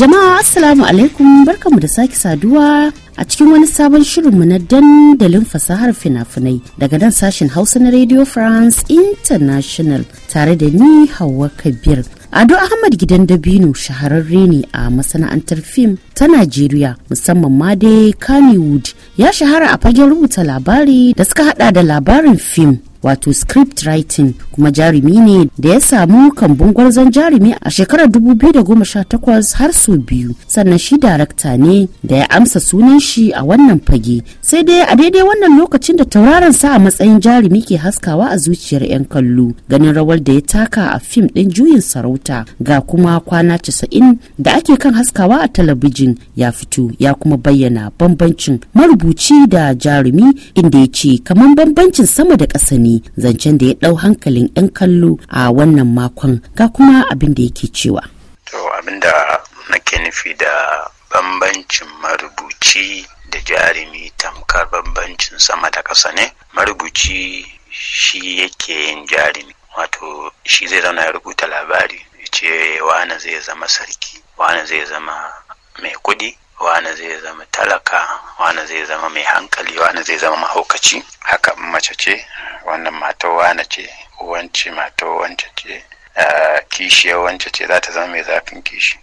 Jama'a Assalamu alaikum barkanmu da sake saduwa a cikin wani sabon shirinmu na dandalin fasahar fina-finai daga nan sashen Hausa na Radio France International tare da ni Hauwa Kabir. Ado Ahmad Gidan Dabino shahararre ne a masana'antar fim ta Najeriya musamman ma dai Kannywood ya shahara a fagen rubuta labari da suka hada da labarin fim wato script writing kuma jarumi ne da ya samu kambun gwarzon jarumi a shekarar 2018 har sau biyu sannan shi darakta ne da ya amsa sunan shi a wannan fage sai dai a daidai wannan lokacin da tauraron sa a matsayin jarumi ke haskawa a zuciyar 'yan kallo ganin rawar da ya taka a fim din juyin sarauta ga kuma kwana 90 da ake kan haskawa a talabijin Abdulkarim ya fito ya kuma bayyana bambancin marubuci da jarumi inda ya ce kamar bambancin sama da ƙasa ne zancen da ya ɗau hankalin 'yan kallo a wannan makon ga kuma abin da yake cewa. To abin da nake nufi da bambancin marubuci da jarumi tamkar bambancin sama da ƙasa ne marubuci shi yake yin jarumi wato shi zai zauna ya rubuta labari ce wane zai zama sarki wane zai zama mai kuɗi wani zai zama talaka wani zai zama mai hankali wani zai zama mahaukaci haka mace ce wannan mata wani ce wance mata wance ce eh, kishiyar wance ce za ta zama mai zafin kishi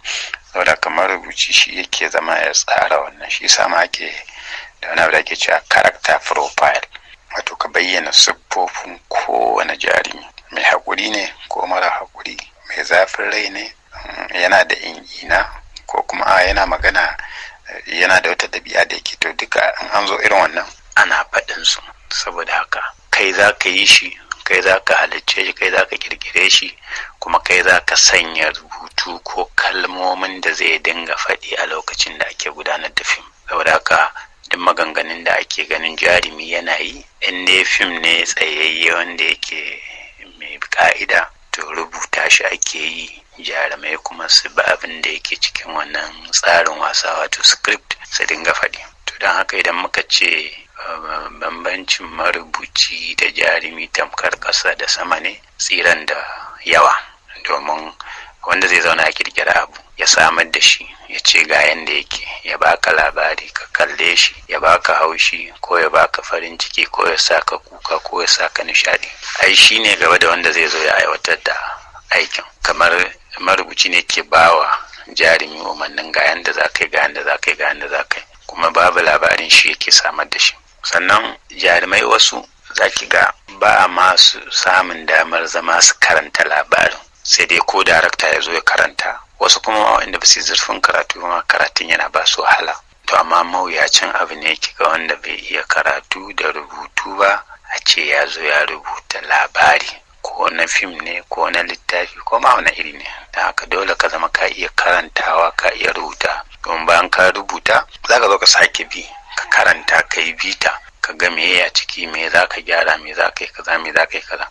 saboda kamar rubuci shi yake zama ya tsara wannan shi sama ake da wani abu ake cewa karakta profile wato ka bayyana siffofin kowane jarumi mai haƙuri ne ko mara haƙuri mai zafin rai ne mm, yana da in'ina ko kuma a yana magana eh, yana da wata ɗabi'a da yake to duka in an zo irin wannan ana faɗin su saboda haka kai za ka yi shi kai za ka halicce shi kai za ka kirkire shi kuma kai za ka sanya rubutu ko kalmomin da zai dinga faɗi a lokacin da ake gudanar da fim saboda haka duk maganganun da ake ganin jarumi yana yi in ne fim ne tsayayye wanda yake mai ka'ida to rubuta shi ake yi jarumai kuma su ba abin da yake cikin wannan tsarin wasa wato script su dinga faɗi to don haka idan muka ce uh, bambancin marubuci da jarumi tamkar ƙasa da sama ne tsiran da yawa domin wanda zai zauna ya kirkira abu ya samar da shi ya ce ga yanda yake ya baka labari ka kalle shi ya baka haushi ko ya baka farin ciki ko ya saka kuka ko ya saka nishadi ai shine gaba da wanda zai zo ya aiwatar da aikin kamar marubuci ne ke bawa jarumi umarnin ga yanda za ka yi ga yanda za ka yi ga yanda za ka yi kuma babu labarin shi yake samar da shi sannan jarumai wasu za ki ga ba a masu samun damar zama su karanta labarin sai dai ko darakta ya zo ya karanta wasu kuma wanda ba su zurfin karatu ma karatun yana ba su wahala to amma mawuyacin abu ne ki ga wanda bai iya karatu da rubutu ba a ce ya zo ya rubuta labari ko na fim ne ko na littafi ko ma wani iri ne da haka dole ka zama ka iya karantawa ka iya rubuta don bayan ka rubuta za ka zo ka sake bi ka karanta ka yi bita ka ga me ya ciki me za ka gyara me za ka yi kaza me za ka yi kaza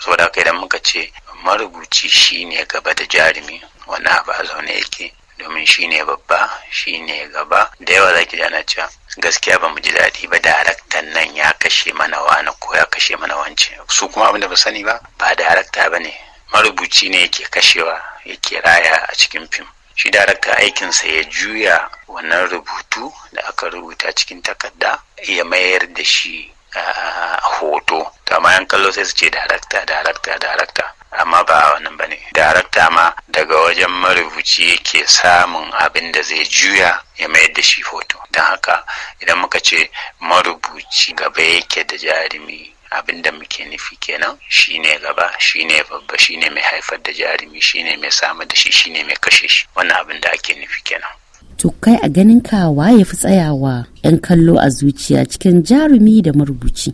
saboda haka idan muka ce marubuci shine gaba da jarumi wani abu a zaune yake domin shi ne babba shi ne gaba da yawa ki za da ana cewa gaskiya ba mu ji daɗi ba daraktan nan ya kashe mana wani ko ya kashe mana wance su kuma abin da ba sani ba ba darakta ba ne marubuci ne yake kashewa yake raya a cikin fim shi darakta aikinsa ya juya wannan rubutu da aka rubuta cikin takarda ya mayar da shi ah, ah, ah, a hoto ta mayan yan kallo sai su ce darakta darakta darakta amma ba a wannan bane darakta ma daga wajen marubuci yake samun abin da zai juya ya mayar da shi hoto don haka idan muka ce marubuci gaba yake da jarumi abin da muke nufi kenan shine gaba shine babba shine mai haifar da jarumi shine mai samar da shi shine mai kashe shi wannan abin da ake nufi kenan to kai a ganin ka waye fi tsayawa yan kallo a zuciya cikin jarumi da marubuci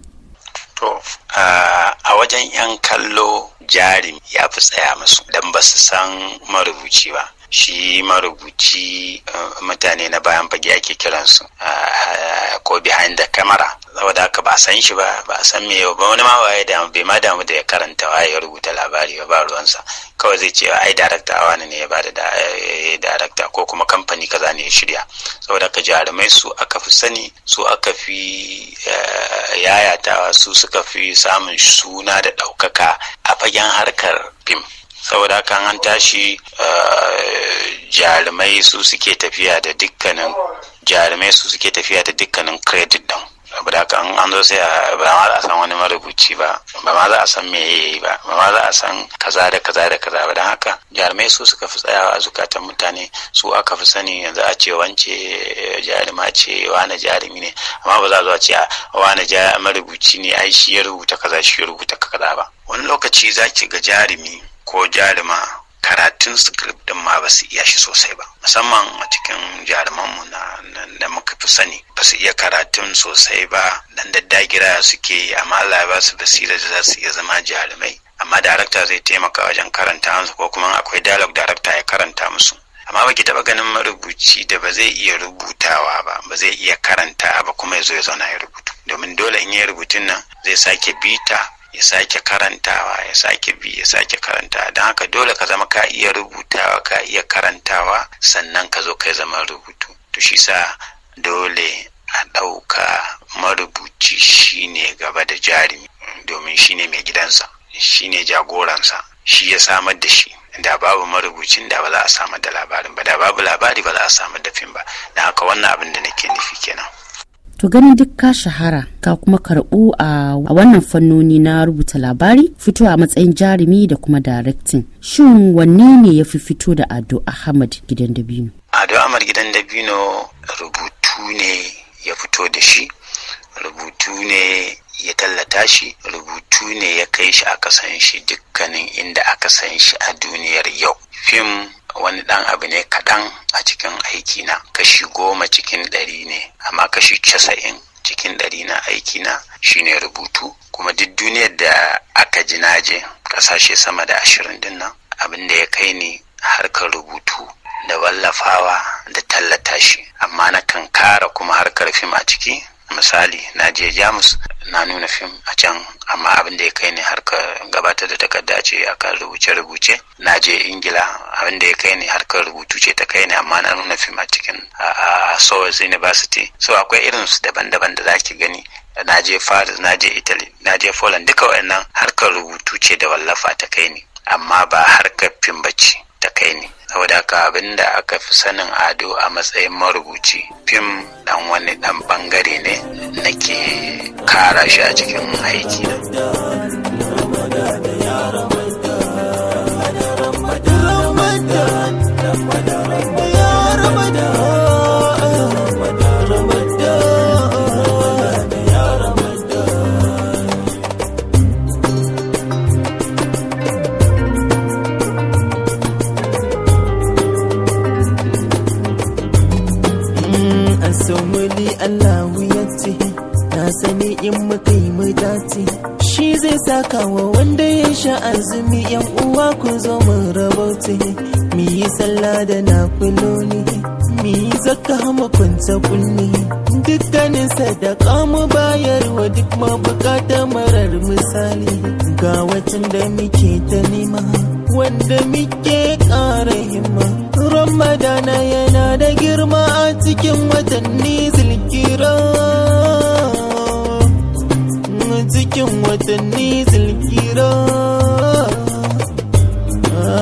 to a wajen yan kallo jarin ya fi tsaya musu don ba su san marubuci ba shi marubuci eh, mutane na bayan fage ake kiransu eh, ko behind the camera saboda haka ba san shi ba ba san me ba wani ma waye da bai ma damu da ya karanta waye ya rubuta labari ba ruwansa kawai zai ce ai director wani ne ya bada da eh, darakta ko kuma kamfani kaza ne ya shirya saboda haka jarumai su aka fi sani su aka fi yayatawa su suka fi samun suna da ɗaukaka a fagen harkar fim saboda haka an tashi eh, jarumai su suke tafiya da dukkanin jarumai su suke tafiya da dukkanin credit din saboda haka an zo sai ba ma za a san wani marubuci ba ba ma za a san me yayi ba ba ma za a san kaza da kaza da kaza ba don haka jarumai su suka fi tsayawa a zukatan mutane su aka fi sani yanzu a ce wance eh, jaruma ce wane jarumi ne amma ba za a zo a ce ah, wane marubuci ne ai shi ya rubuta kaza shi ya rubuta kaza ba wani lokaci za ki ga jarumi ko jarima karatun script din ma ba su iya shi sosai ba musamman a cikin jarumanmu na da muka fi sani ba su iya karatun sosai ba dan dagira suke yi amma Allah ba su basira da za su iya zama jarumai amma darakta zai taimaka wajen karanta musu ko kuma akwai dialogue darakta ya karanta musu amma ba ki taɓa ganin marubuci da ba zai iya rubutawa ba ba zai iya karanta ba kuma ya zo ya zauna ya rubutu domin dole in ya rubutun nan zai sake bita ya sake karantawa ya sake bi ya sake karantawa don haka dole ka zama ka iya rubutawa ka iya karantawa sannan ka zo kai zama rubutu to shi sa dole a ɗauka marubuci shine gaba da jarumi domin shine mai gidansa shine jagoransa shi ya samar da shi da babu marubucin da ba za a samar da labarin ba da babu labari ba za a samar da fim ba don haka wannan abin da nake nufi kenan To ganin duk ka shahara ka kuma karɓu a wannan fannoni na rubuta labari fito a matsayin jarumi da kuma directing. Shin wanne ne ya fi fito da Ado Ahmad gidan Dabino? Ado Ahmad gidan Dabino rubutu ne ya fito da shi, rubutu ne ya tallata shi, rubutu ne ya kai shi aka san shi dukkanin inda aka san shi a duniyar yau. Fim wani ɗan abu ne kaɗan a cikin aikina kashi goma cikin ɗari ne amma kashi casa'in cikin ɗari na aikina shine rubutu kuma duk duniyar da aka ji naje ƙasashe sama da ashirin dinnan abin da ya kai ni harkar rubutu da wallafawa da tallata shi amma na kan kara kuma harkar fim a ciki misali na je jamus na nuna fim a can amma abin da ya kai ni har ka gabatar da takarda ce akan rubuce-rubuce na je ingila abin da ya kai ni har ka rubutu ce ta kai ni amma na nuna fim a cikin a Sowers University so akwai irin su daban-daban da zaki gani na je faris na je Italy na je Poland duka waɗannan harkar rubutu ce da wallafa ta kai ni amma ba harkar fim bace kai ne saboda haka da aka fi sanin ado a matsayin marubuci fim dan wani dan bangare ne nake kara shi a cikin aiki na Allahu ya na sani in muka yi mu shi zai saka wa wanda ya sha azumi yan uwa ku zo mu rabauti mi yi sallah da na kuloni mi yi zakka mu kunta kunni dukkanin sadaka mu bayarwa duk ma bukata marar misali ga watan da muke ta nema wanda muke ƙara himma ramadana yana da girma a cikin watan Nizil. kira na cikin watanni zilkira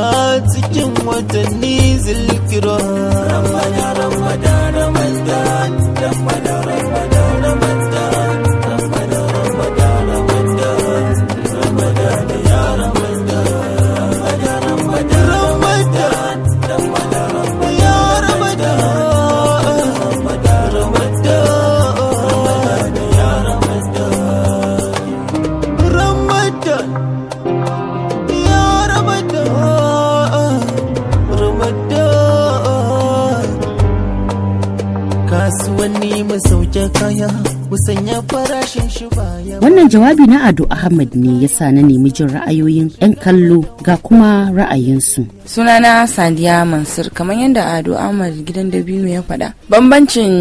a cikin watanni zilkira ramadan ramadan ramadan ramadan kasuwanni mu sauke kaya sanya farashin shi baya wannan jawabi na ado ahmad ne ya sa na nemi jin ra'ayoyin 'yan kallo ga kuma ra'ayinsu sunana sadiya mansur kamar yadda ado ahmad gidan dabino ya faɗa bambancin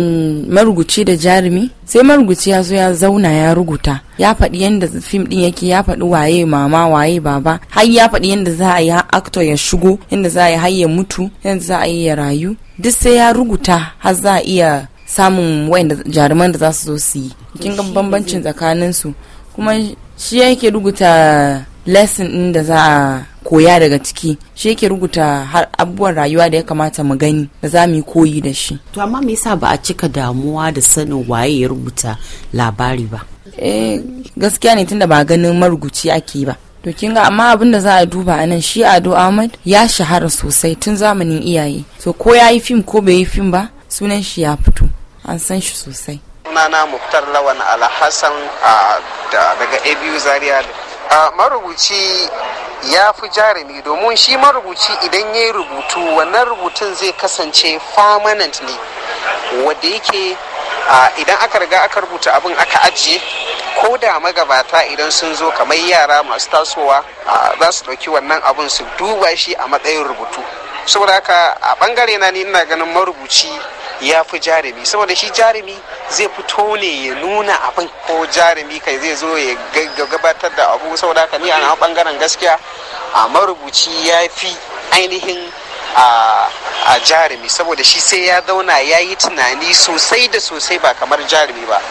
maruguci da jarumi sai maruguci ya zo ya zauna ya rubuta ya faɗi yadda fim ɗin yake ya faɗi waye mama waye baba har ya faɗi yadda za a yi actor ya shigo yadda za a yi har ya mutu yadda za a yi ya rayu duk sai ya rubuta har za a iya samun wayanda jaruman da za su zo su yi kin ga bambancin tsakanin su kuma shi yake rubuta lesson din da za a koya daga ciki shi yake rubuta har abubuwan rayuwa da ya kamata mu gani da za mu yi koyi da shi to amma me yasa ba a cika damuwa da sanin waye ya rubuta labari ba eh gaskiya ne tunda ba ganin marubuci ake ba to kin ga amma abin da za a duba anan shi Ado Ahmad ya shahara sosai tun zamanin iyaye to ko yayi yi fim ko bai yi fim ba sunan shi ya fito an san shi sosai sunana muftar lawan alhassan daga abu zaria marubuci ya fi jarumi domin shi marubuci idan ya yi rubutu wannan rubutun zai kasance permanent ne wadda yake idan aka riga aka rubuta abin aka ajiye ko da magabata idan sun zo kamar yara masu tasowa za su ɗauki wannan abin su duba shi a matsayin rubutu saboda haka a ɓangare na ni ina ganin marubuci ya fi jarumi saboda shi jarumi zai fito ne ya nuna abin ko jarumi kai zai zo ya gabatar da abu saboda haka ni a bangaren gaskiya a marubuci ya fi ainihin a jarumi saboda shi sai ya zauna ya yi tunani sosai da sosai ba kamar jarumi ba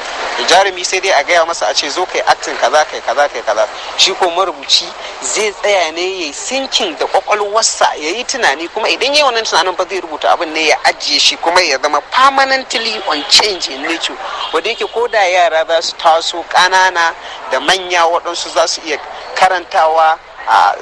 jarumi sai dai a gaya masa a ce zo kai aktin kaza kai kaza kai kaza shi ko marubuci zai tsaya ne ya yi sinkin da kwakwalwarsa ya yi tunani kuma idan ya yi wannan tunanin ba zai rubuta abin ne ya ajiye shi kuma ya zama permanently on change in nature wanda yake ko da yara za su taso kanana da manya waɗansu za su iya karantawa a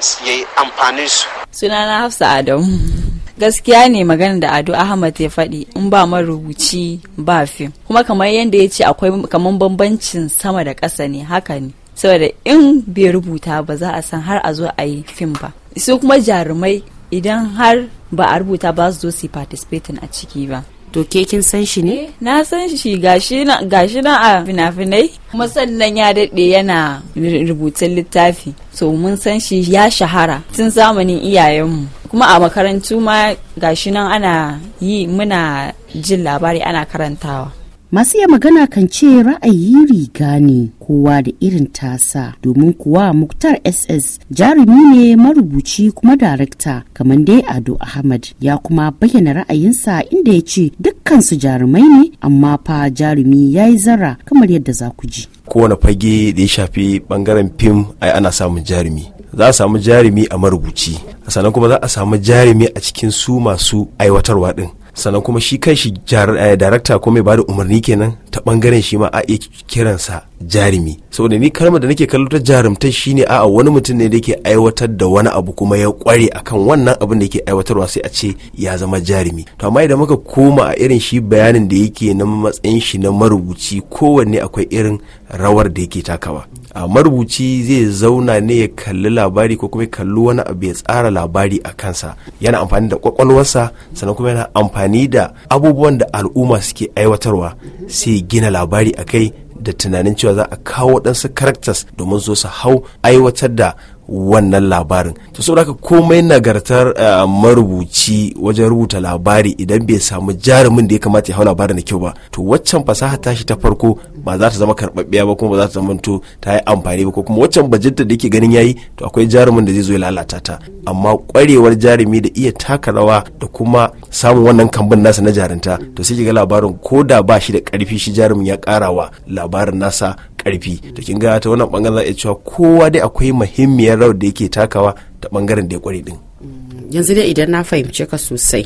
amfanin su sunana hafsa adamu gaskiya ne magana da ado ahmad ya faɗi in ba marubuci ba fim kuma kamar yadda ya ce akwai kamar bambancin sama da ƙasa ne haka ne saboda in bai rubuta ba za a san har a zo a yi fim ba su kuma jarumai idan har ba a rubuta ba su zo su participating a ciki ba to ke kin san shi ne eh, na san shi gashi na a fina-finai kuma sannan ya daɗe yana rubutun littafi so mun san shi ya shahara tun zamanin iyayenmu kuma a makarantu ma gashi nan ana yi muna jin labari ana karantawa masu iya magana kan ce ra'ayi riga ne kowa da irin tasa domin kuwa muktar ss jarumi ne marubuci kuma darakta kamar dai ado ahmad ya kuma bayyana ra'ayinsa inda ya ce dukkansu jarumai ne amma fa jarumi ya yi zara kamar yadda za ku ji kowane fage da ya shafi bangaren fim ai ana samun jarumi za a samu jarumi a marubuci sannan kuma za a samu jarumi a cikin su masu aiwatarwa din sannan kuma shi kai shi darakta eh, ko mai bada umarni kenan ta bangaren shi ma a iya kiransa jarumi saboda ni kalmar da nake kallo ta jarumta shine a'a wani mutum ne da yake aiwatar da wani abu kuma ya kware akan wannan abin da yake aiwatarwa sai a ce ya zama jarumi to amma idan muka koma a irin shi bayanin da yake na matsayin shi na marubuci kowanne akwai irin rawar da yake takawa a marubuci zai zauna ne ya kalli labari ko kuma ya kalli wani abu ya tsara labari a kansa yana amfani da kwakwalwarsa sannan kuma yana amfani da abubuwan da al'umma suke aiwatarwa sai gina labari a kai da tunanin cewa za a kawo waɗansu karaktas domin zo su hau aiwatar da wannan labarin to saboda haka komai nagartar eh, marubuci wajen rubuta labari idan bai samu jarumin da ya kamata ya hau labarin da kyau ba to waccan fasaha tashi ta farko ba za ta zama karɓaɓɓiya ba kuma ba za ta zamanto ta yi amfani ba ko kuma waccan bajinta da yake ganin yayi to akwai jarumin da zai zo ya lalata ta amma kwarewar jarumi da iya taka rawa da kuma samun wannan kambun nasa na jarinta to sai ga labarin ko da ba shi da karfi shi jarumin ya karawa labarin nasa karfi to kin ga ta wannan bangaren za a iya cewa kowa dai akwai muhimmiyar rawar da yake takawa ta bangaren da ya kware din yanzu dai idan na fahimce ka sosai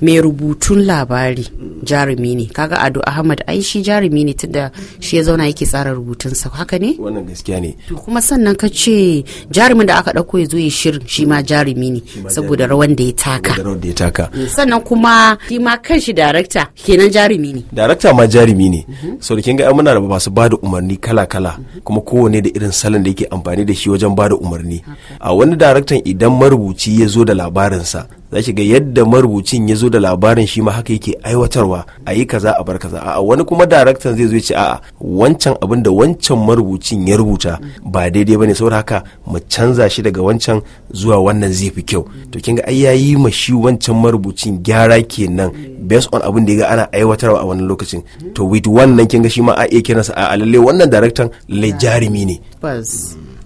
mai rubutun labari jarumi ne kaga ado ahmad ai shi jarumi ne tunda shi ya zauna yake tsara rubutun sa haka ne wannan gaskiya ne to kuma sannan ka ce jarumin da aka dauko ya zo ya shirin shi ma jarumi ne saboda rawan da ya taka da ya taka sannan kuma shi ma kanshi director kenan jarumi ne director ma jarumi ne so da kin ga muna da masu bada umarni kala kala kuma kowane da irin salon da yake amfani da shi wajen bada umarni a wani director lokutan idan marubuci ya zo da labarinsa za shi ga yadda marubucin ya zo da labarin shi ma haka yake aiwatarwa a yi kaza a bar kaza a'a wani kuma daraktan zai zo ya ce a'a wancan abin da wancan marubucin ya rubuta ba daidai bane saboda haka mu canza shi daga wancan zuwa wannan zai fi kyau to kin ga ai yayi ma shi wancan marubucin gyara kenan based on abin da ya ga ana aiwatarwa a wannan lokacin to with wannan kin ga shi ma a iya kiransa a lalle wannan daraktan lalle jarumi ne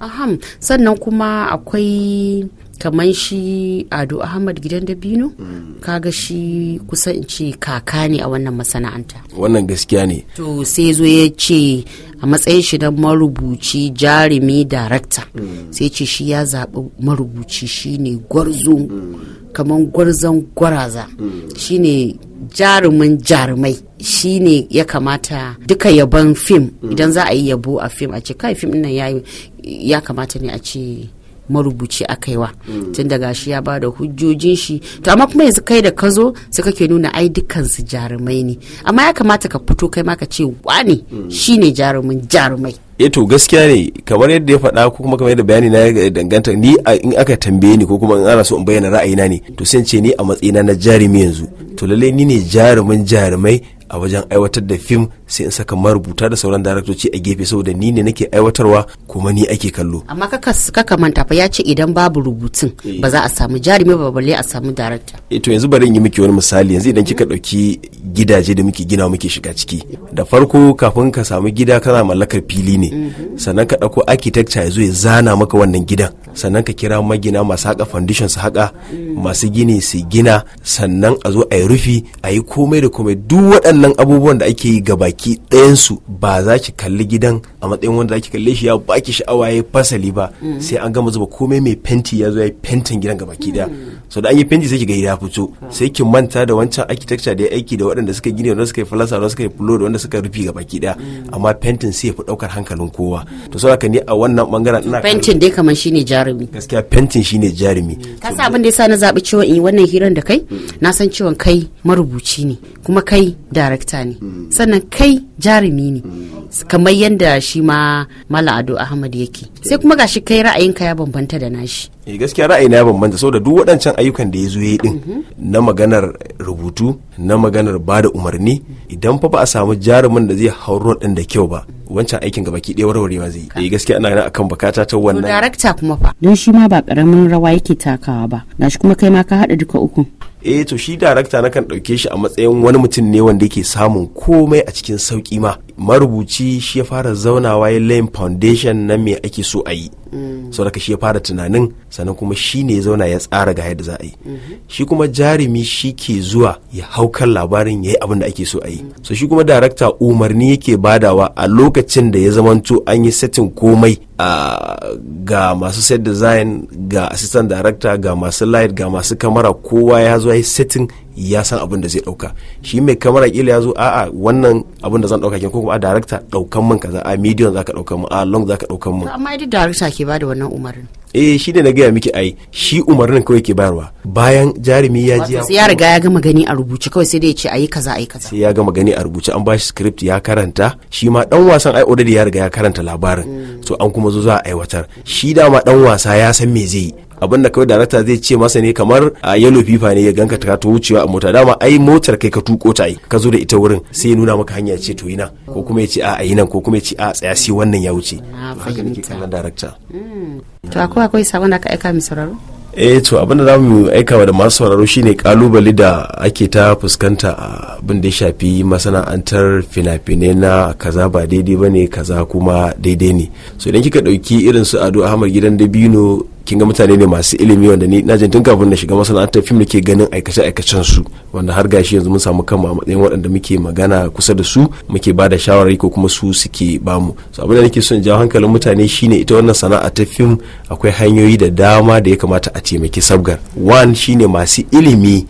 aham sannan kuma akwai kamar shi ado ahmad gidan dabino bino mm. kaga shi kusa in ce kaka ne a wannan masana'anta wannan gaskiya ne to sai zo ya ce a matsayin shi na marubuci jarumi darakta mm. sai ce shi ya zaɓi marubuci shine gwarzo mm. kamar gwarzon gwaraza shine jarumin jarumai shi ne ya kamata duka yabon fim idan za a yi yabo a fim a ce kai fim nan yi ya kamata ne a ce marubuci a kaiwa mm. tun daga shi ya bada hujjojin shi to amma kuma yanzu kai da ka zo su kake nuna ai dukansu jarumai ne amma ya kamata ka fito kai ma ka ce wane mm. shi ne jarumin jarumai E to gaskiya ne kamar yadda ya faɗa ko kuma kamar yadda bayani na danganta ni in aka tambaye ni ko kuma in ana so in bayyana ra'ayina ne to sai ce ni a matsayina na jarumi yanzu to lallai ni ne jarumin jarumai a wajen aiwatar da fim sai in saka marubuta da sauran daraktoci a gefe saboda ni ne nake aiwatarwa kuma ni ake kallo amma kaka manta fa ya ce idan babu rubutun eh. ba za a samu jarumi ba balle a samu darakta eh to yanzu bari in yi miki wani misali yanzu idan kika dauki gidaje da muke gina muke shiga ciki da farko kafin ka samu gida kana mallakar fili ne mhm. sannan ka dauko architecture ya zo ya zana maka wannan gidan sannan ka kira magina masu haka foundation su haka mm. masu gini su gina sannan a zo a yi rufi a yi komai da komai duk waɗannan abubuwan da ake yi gaba baki ɗayansu ba za ki kalli gidan a matsayin wanda za ki kalle shi ya baki sha'awa ya fasali ba sai an gama zuba komai mai fenti ya zo ya fentin gidan ki daya so da an yi fenti sai ki ga ya fito sai ki manta da wancan architecture da ya aiki da waɗanda suka gini wanda suka yi falasa wanda suka yi fulo da wanda suka rufi ki daya amma fentin sai ya fi ɗaukar hankalin kowa to ka ne a wannan bangaren ina fentin dai kamar shine jarumi gaskiya fentin shine jarumi ka sa abin da yasa na zaɓi ciwon in wannan hirar da kai na san ciwon kai marubuci ne kuma kai darakta ne sannan kai kai jarumi ne kamar yadda shi ma mala ado ahmad yake sai kuma gashi kai ra'ayinka ya bambanta da nashi eh gaskiya ra'ayi na ya bambanta saboda duk waɗancan ayyukan da ya zo ya din na maganar rubutu na maganar bada umarni idan fa ba a samu jarumin da zai hauro ɗin da kyau ba wancan aikin gaba baki ɗaya warwarewa zai yi eh, gaskiya ana ganin akan bukata ta wannan darakta kuma fa don shi ma ba karamin rawa yake takawa ba shi kuma kai ma ka haɗa duka uku eh to shi darakta nakan ɗauke shi a matsayin wani mutum ne wanda yake samun komai a cikin sauƙi ma marubuci shi ya fara zaunawa ya layin foundation na me ake so a yi saboda shi ya fara tunanin sannan kuma shi ne ya zauna ya tsara ga yadda za a yi shi kuma jarumi shi ke zuwa ya hau kan labarin ya yi abin da ake so a yi so shi kuma darakta umarni yake badawa a lokacin da ya zamanto an yi setin komai ga masu set design ga assistant director ga masu light ga masu kamara kowa ya zo ya setting ya san abin da zai dauka shi mai kamara kila ya zo a'a wannan abin da zan dauka ke ko kuma a director daukan min kaza a medium zaka daukan min a long zaka daukan min amma idan director ke da wannan umarnin eh shi ne na gaya miki ai shi umarnin kawai ke bayarwa bayan jarumi ya ji ya riga ya gama gani a rubuce kawai sai dai ce ayi kaza ayi kaza sai ya gama gani a rubuce an bashi script ya karanta shi ma dan wasan ai already ya riga ya karanta labarin so mm. an kuma zo za a aiwatar shi dama dan wasa ya san me zai yi abin da kawai darakta zai ce masa ne kamar a yellow fifa ne ya ganka ta ta wucewa a mota dama ai motar kai ka tuko ta yi ka zo da ita wurin sai ya nuna maka hanya ce to ina ko kuma ya ce a yi nan ko kuma ya ce a tsaya sai wannan ya wuce haka nake kallon darakta hmm. to akwai akwai sabon da ka aika mi sauraro eh to abin da za mu aikawa da masu sauraro shine kalubale da ake ta fuskanta abin da ya shafi masana'antar fina-finai na kaza ba daidai ba ne kaza kuma daidai ne so idan kika dauki irin su ado ahmad gidan dabino kin ga mutane ne masu ilimi wanda ni na jin tun kafin na shiga masana'antar fim da ke ganin aikace aikacen su wanda har gashi yanzu mun samu kanmu a matsayin waɗanda muke magana kusa da su muke ba da shawarwari ko kuma su suke bamu so abin da nake son jawo hankalin mutane shine ita wannan sana'a ta fim akwai hanyoyi da dama da ya kamata a taimaki sabgar one shine masu ilimi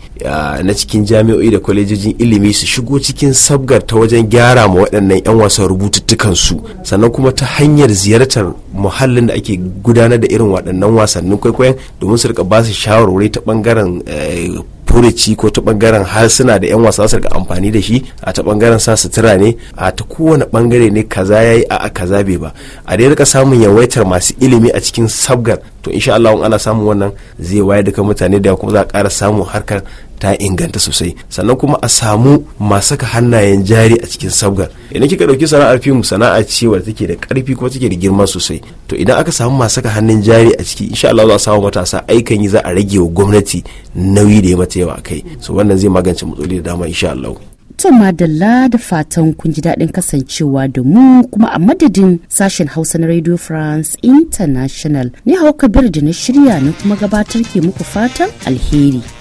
na cikin jami'o'i da kwalejojin ilimi su shigo cikin sabgar ta wajen gyara ma waɗannan 'yan wasan rubututtukan su sannan kuma ta hanyar ziyartar muhallin da ake gudanar da irin waɗannan wasannin kwaikwayon domin su rika ba su shawarwari ta bangaren eh, furici ko ta bangaren harsuna da 'yan wasa su rika amfani da shi a ta bangaren sa sutura ne a ta kowane bangare ne kaza yayi a a kaza bai ba a dai rika samun yawaitar masu ilimi a cikin sabgar to insha Allah in ana samun wannan zai wayar da kan mutane da kuma za a ƙara samun harkar ta inganta sosai sannan kuma a samu masu ka hannayen jari a cikin sabgar idan kika dauki sana'ar fim sana'a ce wadda take da ƙarfi kuma take da girma sosai to idan aka samu masu ka hannun jari a ciki insha Allah za a samu matasa aikan yi za a rage wa gwamnati nauyi da ya mata yawa kai so wannan zai magance matsaloli da dama insha Allah To madalla da fatan kun ji daɗin kasancewa da mu kuma a madadin sashen Hausa na Radio France International. ne hau kabir da na shirya ne kuma gabatar ke muku fatan alheri.